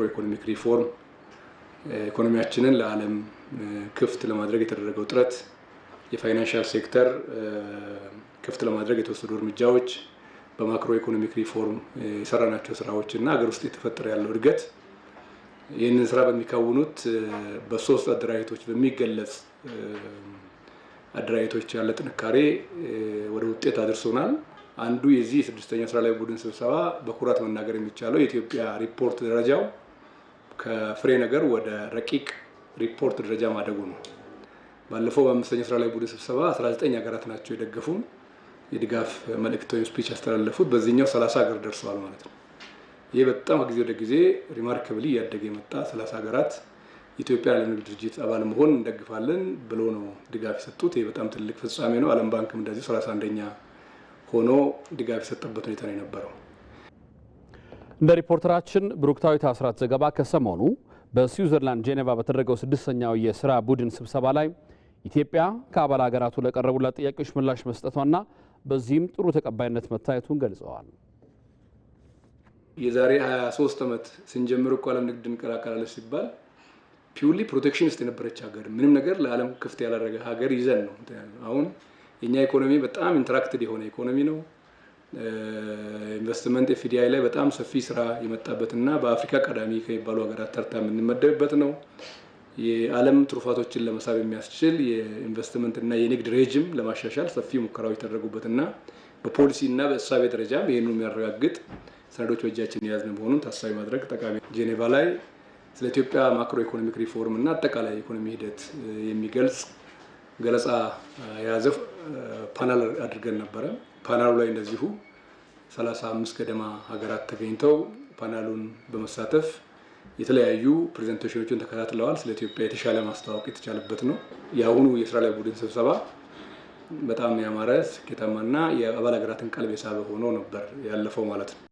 ማክሮ ኢኮኖሚክ ሪፎርም ኢኮኖሚያችንን ለዓለም ክፍት ለማድረግ የተደረገው ጥረት፣ የፋይናንሻል ሴክተር ክፍት ለማድረግ የተወሰዱ እርምጃዎች፣ በማክሮ ኢኮኖሚክ ሪፎርም የሰራናቸው ስራዎች እና ሀገር ውስጥ የተፈጠረ ያለው እድገት ይህንን ስራ በሚካውኑት በሶስት አደራጅቶች በሚገለጽ አደራጅቶች ያለ ጥንካሬ ወደ ውጤት አድርሶናል። አንዱ የዚህ የስድስተኛ ስራ ላይ ቡድን ስብሰባ በኩራት መናገር የሚቻለው የኢትዮጵያ ሪፖርት ደረጃው ከፍሬ ነገር ወደ ረቂቅ ሪፖርት ደረጃ ማደጉ ነው። ባለፈው በአምስተኛ ስራ ላይ ቡድን ስብሰባ 19 ሀገራት ናቸው የደገፉን የድጋፍ መልእክት ወይም ስፒች ያስተላለፉት። በዚህኛው 30 ሀገር ደርሰዋል ማለት ነው። ይህ በጣም ከጊዜ ወደ ጊዜ ሪማርክብሊ እያደገ የመጣ 30 ሀገራት ኢትዮጵያ ዓለም ንግድ ድርጅት አባል መሆን እንደግፋለን ብሎ ነው ድጋፍ የሰጡት። ይህ በጣም ትልቅ ፍጻሜ ነው። ዓለም ባንክም እንደዚህ 31ኛ ሆኖ ድጋፍ የሰጠበት ሁኔታ ነው የነበረው። እንደ ሪፖርተራችን ብሩክታዊት አስራት ዘገባ ከሰሞኑ በስዊዘርላንድ ጄኔቫ በተደረገው ስድስተኛው የስራ ቡድን ስብሰባ ላይ ኢትዮጵያ ከአባል ሀገራቱ ለቀረቡላት ጥያቄዎች ምላሽ መስጠቷና በዚህም ጥሩ ተቀባይነት መታየቱን ገልጸዋል። የዛሬ 23 ዓመት ስንጀምር እኮ ዓለም ንግድ እንቀላቀላለች ሲባል ፒውሊ ፕሮቴክሽኒስት የነበረች ሀገር ምንም ነገር ለዓለም ክፍት ያላረገ ሀገር ይዘን ነው። አሁን የኛ ኢኮኖሚ በጣም ኢንትራክትድ የሆነ ኢኮኖሚ ነው። ኢንቨስትመንት ኤፍዲአይ ላይ በጣም ሰፊ ስራ የመጣበትና በአፍሪካ ቀዳሚ ከሚባሉ ሀገራት ተርታ የምንመደብበት ነው። የዓለም ትሩፋቶችን ለመሳብ የሚያስችል የኢንቨስትመንትና የንግድ ሬጅም ለማሻሻል ሰፊ ሙከራዎች በፖሊሲ በፖሊሲና በእሳቤ ደረጃ ይህኑ የሚያረጋግጥ ሰነዶች በእጃችን የያዝን መሆኑን ታሳቢ ማድረግ ጠቃሚ። ጄኔቫ ላይ ስለ ኢትዮጵያ ማክሮ ኢኮኖሚክ ሪፎርም እና አጠቃላይ የኢኮኖሚ ሂደት የሚገልጽ ገለጻ የያዘ ፓናል አድርገን ነበረ። ፓናሉ ላይ እንደዚሁ 35 ገደማ ሀገራት ተገኝተው ፓናሉን በመሳተፍ የተለያዩ ፕሬዘንቴሽኖችን ተከታትለዋል። ስለ ኢትዮጵያ የተሻለ ማስተዋወቅ የተቻለበት ነው። የአሁኑ የስራ ላይ ቡድን ስብሰባ በጣም ያማረ ስኬታማና የአባል ሀገራትን ቀልብ የሳበ ሆኖ ነበር ያለፈው ማለት ነው።